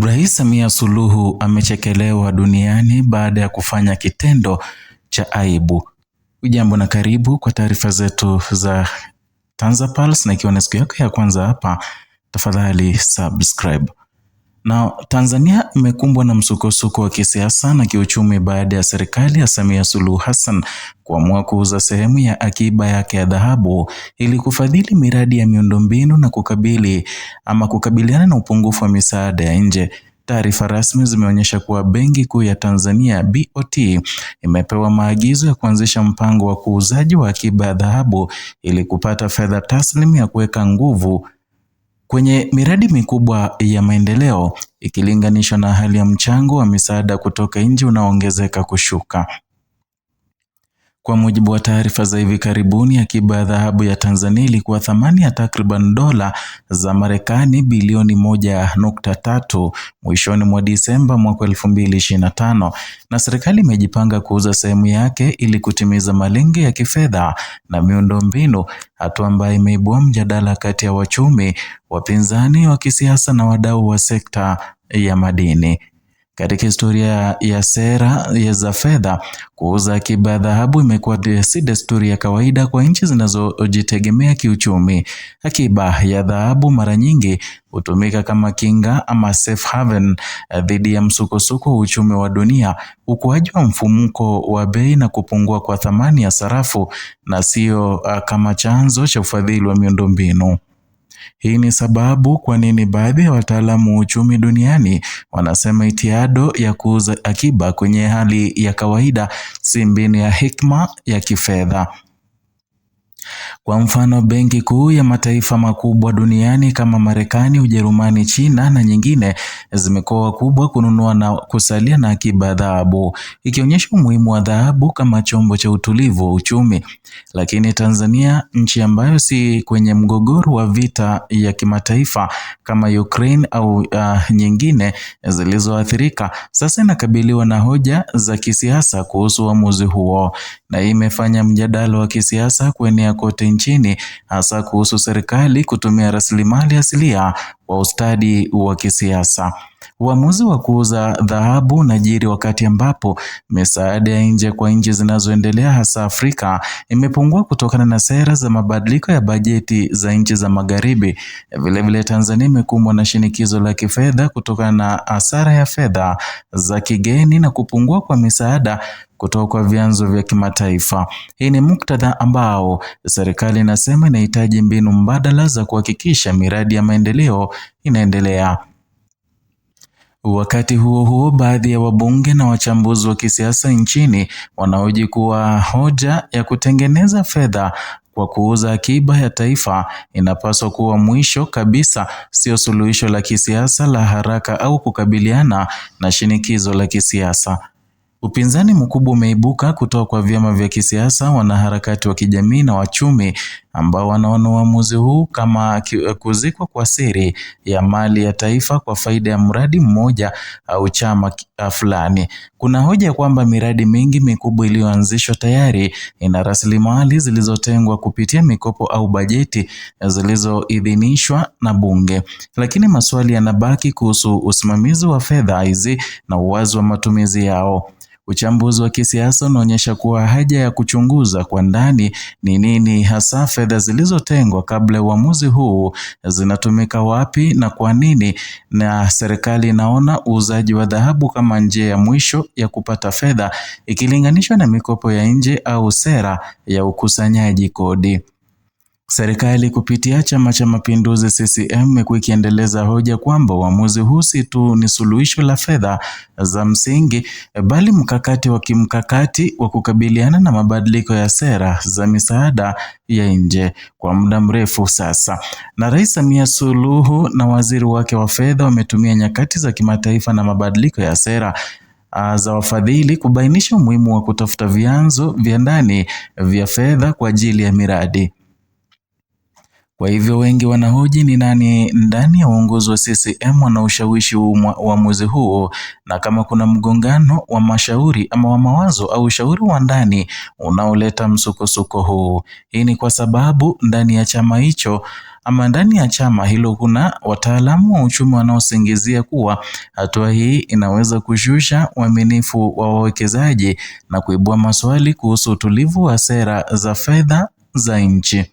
Rais Samia Suluhu amechekelewa duniani baada ya kufanya kitendo cha aibu. Ujambo na karibu kwa taarifa zetu za TanzaPulse, na ikiwa ni siku yako ya kwanza hapa, tafadhali subscribe. Na Tanzania imekumbwa na msukosuko wa kisiasa na kiuchumi baada ya serikali ya Samia Suluhu Hassan kuamua kuuza sehemu ya akiba yake ya dhahabu ili kufadhili miradi ya miundombinu na kukabili ama kukabiliana na upungufu wa misaada ya nje. Taarifa rasmi zimeonyesha kuwa Benki Kuu ya Tanzania BOT imepewa maagizo ya kuanzisha mpango wa kuuzaji wa akiba ya dhahabu ili kupata fedha taslimu ya kuweka nguvu kwenye miradi mikubwa ya maendeleo ikilinganishwa na hali ya mchango wa misaada kutoka nje unaoongezeka kushuka. Kwa mujibu wa taarifa za hivi karibuni, akiba ya dhahabu ya Tanzania ilikuwa thamani ya takriban dola za Marekani bilioni moja nukta tatu mwishoni mwa Disemba mwaka 2025 na serikali imejipanga kuuza sehemu yake ili kutimiza malengo ya kifedha na miundombinu, hatua ambayo imeibua mjadala kati ya wachumi, wapinzani wa kisiasa na wadau wa sekta ya madini. Katika historia ya sera ya za fedha, kuuza akiba ya dhahabu imekuwa si desturi ya kawaida kwa nchi zinazojitegemea kiuchumi. Akiba ya dhahabu mara nyingi hutumika kama kinga ama safe haven eh, dhidi ya msukosuko wa uchumi wa dunia, ukuaji wa mfumuko wa bei na kupungua kwa thamani ya sarafu, na sio eh, kama chanzo cha ufadhili wa miundombinu. Hii ni sababu kwa nini baadhi ya wataalamu wa uchumi duniani wanasema itiado ya kuuza akiba kwenye hali ya kawaida si mbinu ya hikma ya kifedha. Kwa mfano benki kuu ya mataifa makubwa duniani kama Marekani, Ujerumani, China na nyingine zimekuwa kubwa kununua na kusalia na akiba dhahabu, ikionyesha umuhimu wa dhahabu kama chombo cha utulivu wa uchumi. Lakini Tanzania, nchi ambayo si kwenye mgogoro wa vita ya kimataifa kama Ukraine au uh, nyingine zilizoathirika, sasa inakabiliwa na hoja za kisiasa kuhusu uamuzi huo, na imefanya mjadala wa kisiasa kuenea kote nchini hasa kuhusu serikali kutumia rasilimali asilia kwa ustadi wa kisiasa. Uamuzi wa kuuza dhahabu unajiri wakati ambapo misaada ya nje kwa nchi zinazoendelea hasa Afrika imepungua kutokana na sera za mabadiliko ya bajeti za nchi za magharibi. Vilevile, Tanzania imekumbwa na shinikizo la kifedha kutokana na hasara ya fedha za kigeni na kupungua kwa misaada kutoka kwa vyanzo vya kimataifa. Hii ni muktadha ambao serikali inasema inahitaji mbinu mbadala za kuhakikisha miradi ya maendeleo inaendelea. Wakati huo huo, baadhi ya wabunge na wachambuzi wa kisiasa nchini kuwa hoja ya kutengeneza fedha kwa kuuza akiba ya taifa inapaswa kuwa mwisho kabisa, sio suluhisho la kisiasa la haraka au kukabiliana na shinikizo la kisiasa. Upinzani mkubwa umeibuka kutoka kwa vyama vya kisiasa, wanaharakati wa kijamii na wachumi ambao wanaona uamuzi huu kama kuzikwa kwa siri ya mali ya taifa kwa faida ya mradi mmoja au chama fulani. Kuna hoja kwamba miradi mingi mikubwa iliyoanzishwa tayari ina rasilimali zilizotengwa kupitia mikopo au bajeti zilizoidhinishwa na bunge, lakini maswali yanabaki kuhusu usimamizi wa fedha hizi na uwazi wa matumizi yao. Uchambuzi wa kisiasa unaonyesha kuwa haja ya kuchunguza kwa ndani ni nini hasa fedha zilizotengwa kabla ya uamuzi huu zinatumika wapi na kwa nini, na serikali inaona uuzaji wa dhahabu kama njia ya mwisho ya kupata fedha ikilinganishwa na mikopo ya nje au sera ya ukusanyaji kodi. Serikali kupitia Chama cha Mapinduzi CCM imekuwa ikiendeleza hoja kwamba uamuzi huu si tu ni suluhisho la fedha za msingi, bali mkakati wa kimkakati wa kukabiliana na mabadiliko ya sera za misaada ya nje kwa muda mrefu sasa. Na Rais Samia Suluhu na waziri wake wa fedha wametumia nyakati za kimataifa na mabadiliko ya sera za wafadhili kubainisha umuhimu wa kutafuta vyanzo vya ndani vya fedha kwa ajili ya miradi. Kwa hivyo wengi wanahoji ni nani ndani ya uongozi wa CCM wana ushawishi wa uamuzi huo na kama kuna mgongano wa mashauri ama wa mawazo au ushauri wa ndani unaoleta msukosuko huu. Hii ni kwa sababu ndani ya chama hicho ama ndani ya chama hilo kuna wataalamu wa uchumi wanaosingizia kuwa hatua hii inaweza kushusha uaminifu wa wawekezaji na kuibua maswali kuhusu utulivu wa sera za fedha za nchi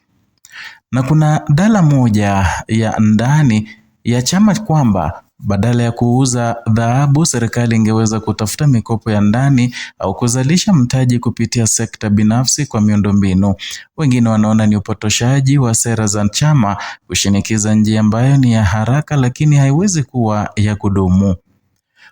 na kuna dala moja ya ndani ya chama kwamba badala ya kuuza dhahabu, serikali ingeweza kutafuta mikopo ya ndani au kuzalisha mtaji kupitia sekta binafsi kwa miundombinu. Wengine wanaona ni upotoshaji wa sera za chama kushinikiza njia ambayo ni ya haraka, lakini haiwezi kuwa ya kudumu.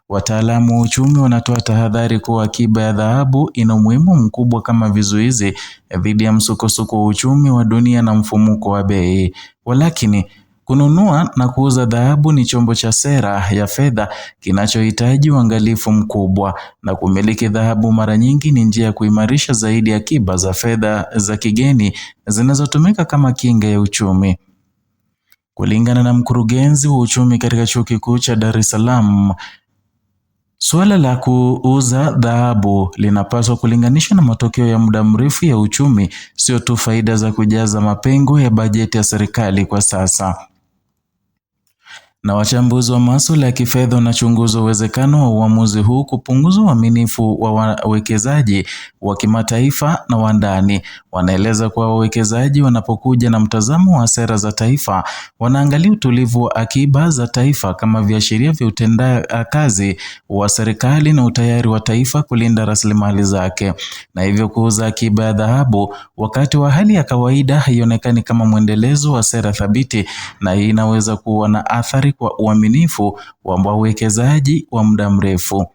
Wataalamu wa uchumi wanatoa tahadhari kuwa akiba ya dhahabu ina umuhimu mkubwa kama vizuizi eh, dhidi ya msukosuko wa uchumi wa dunia na mfumuko wa bei. Walakini, kununua na kuuza dhahabu ni chombo cha sera ya fedha kinachohitaji uangalifu mkubwa, na kumiliki dhahabu mara nyingi ni njia ya kuimarisha zaidi akiba za fedha za kigeni zinazotumika kama kinga ya uchumi. Kulingana na mkurugenzi wa uchumi katika chuo kikuu cha Dar es Salaam, Suala la kuuza dhahabu linapaswa kulinganishwa na matokeo ya muda mrefu ya uchumi, sio tu faida za kujaza mapengo ya bajeti ya serikali kwa sasa na wachambuzi wa masuala ya kifedha wanachunguza uwezekano wa uamuzi huu kupunguza uaminifu wa wawekezaji wa kimataifa na wa ndani. Wanaeleza kuwa wawekezaji wanapokuja na mtazamo wa sera za taifa, wanaangalia utulivu wa akiba za taifa kama viashiria vya utendaji kazi wa serikali na utayari wa taifa kulinda rasilimali zake, na hivyo kuuza akiba ya dhahabu wakati wa hali ya kawaida haionekani kama mwendelezo wa sera thabiti, na hii inaweza kuwa na athari kwa uaminifu wa wawekezaji wa muda mrefu.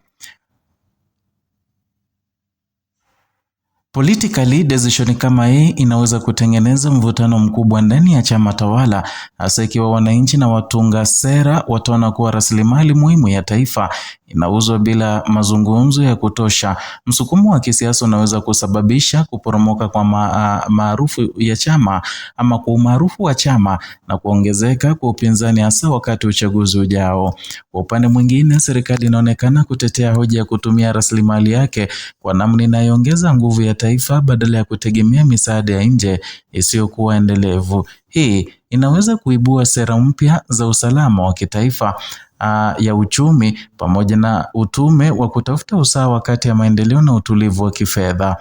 Politically decision kama hii inaweza kutengeneza mvutano mkubwa ndani ya chama tawala, hasa ikiwa wananchi na watunga sera wataona kuwa rasilimali muhimu ya taifa inauzwa bila mazungumzo ya kutosha. Msukumo wa kisiasa unaweza kusababisha kuporomoka kwa maarufu ya chama ama kwa umaarufu wa chama na kuongezeka kwa upinzani, hasa wakati wa uchaguzi ujao. Kwa upande mwingine, serikali inaonekana kutetea hoja ya kutumia rasilimali yake kwa namna inayoongeza nguvu ya taifa badala ya kutegemea misaada ya nje isiyokuwa endelevu. Hii inaweza kuibua sera mpya za usalama wa kitaifa Aa, ah, ya uchumi pamoja na utume wa kutafuta usawa kati ya maendeleo na utulivu wa kifedha.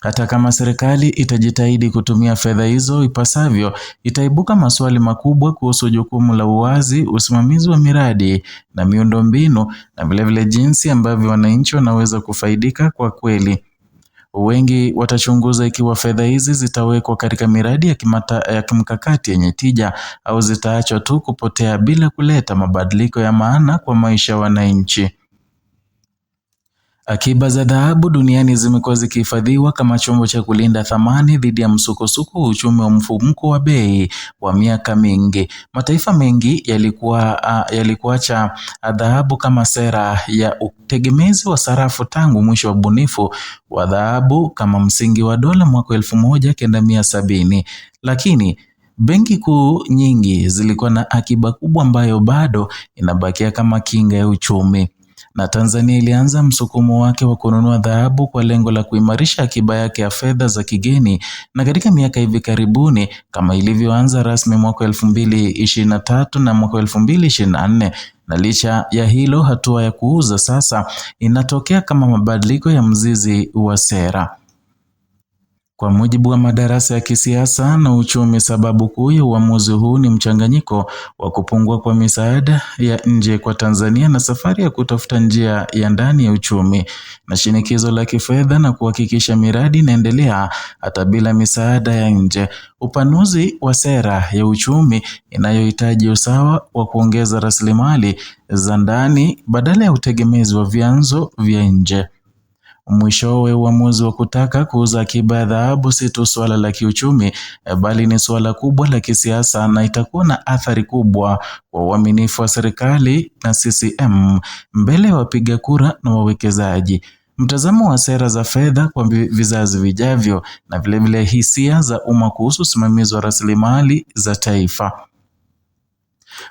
Hata kama serikali itajitahidi kutumia fedha hizo ipasavyo, itaibuka maswali makubwa kuhusu jukumu la uwazi, usimamizi wa miradi na miundombinu, na vilevile jinsi ambavyo wananchi wanaweza kufaidika kwa kweli. Wengi watachunguza ikiwa fedha hizi zitawekwa katika miradi ya, kimata, ya kimkakati yenye tija au zitaachwa tu kupotea bila kuleta mabadiliko ya maana kwa maisha ya wananchi. Akiba za dhahabu duniani zimekuwa zikihifadhiwa kama chombo cha kulinda thamani dhidi ya msukosuko wa uchumi wa mfumko wa bei wa miaka mingi. Mataifa mengi yalikuwa uh, yalikuacha dhahabu kama sera ya utegemezi wa sarafu tangu mwisho wa bunifu wa dhahabu kama msingi wa dola mwaka elfu moja kenda mia sabini, lakini benki kuu nyingi zilikuwa na akiba kubwa ambayo bado inabakia kama kinga ya uchumi na Tanzania ilianza msukumo wake wa kununua dhahabu kwa lengo la kuimarisha akiba yake ya fedha za kigeni, na katika miaka hivi karibuni kama ilivyoanza rasmi mwaka elfu mbili ishirini na tatu na mwaka elfu mbili ishirini na nne na licha ya hilo hatua ya kuuza sasa inatokea kama mabadiliko ya mzizi wa sera. Kwa mujibu wa madarasa ya kisiasa na uchumi, sababu kuu ya uamuzi huu ni mchanganyiko wa kupungua kwa misaada ya nje kwa Tanzania na safari ya kutafuta njia ya ndani ya uchumi na shinikizo la kifedha na kuhakikisha miradi inaendelea hata bila misaada ya nje. Upanuzi wa sera ya uchumi inayohitaji usawa wa kuongeza rasilimali za ndani badala ya utegemezi wa vyanzo vya nje. Mwishowe, uamuzi wa kutaka kuuza akiba ya dhahabu si tu suala la kiuchumi, eh, bali ni suala kubwa la kisiasa na itakuwa na athari kubwa kwa uaminifu wa serikali na CCM mbele ya wapiga kura na wawekezaji mtazamo wa sera za fedha kwa vizazi vijavyo na vilevile hisia za umma kuhusu usimamizi wa rasilimali za taifa.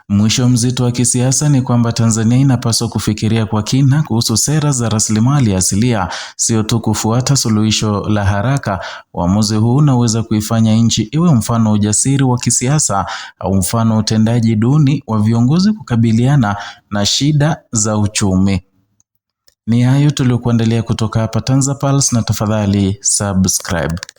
Mwisho mzito wa kisiasa ni kwamba Tanzania inapaswa kufikiria kwa kina kuhusu sera za rasilimali asilia, sio tu kufuata suluhisho la haraka. Uamuzi huu unaweza kuifanya nchi iwe mfano wa ujasiri wa kisiasa au mfano wa utendaji duni wa viongozi kukabiliana na shida za uchumi. Ni hayo tuliokuandalia kutoka hapa TanzaPulse, na tafadhali subscribe.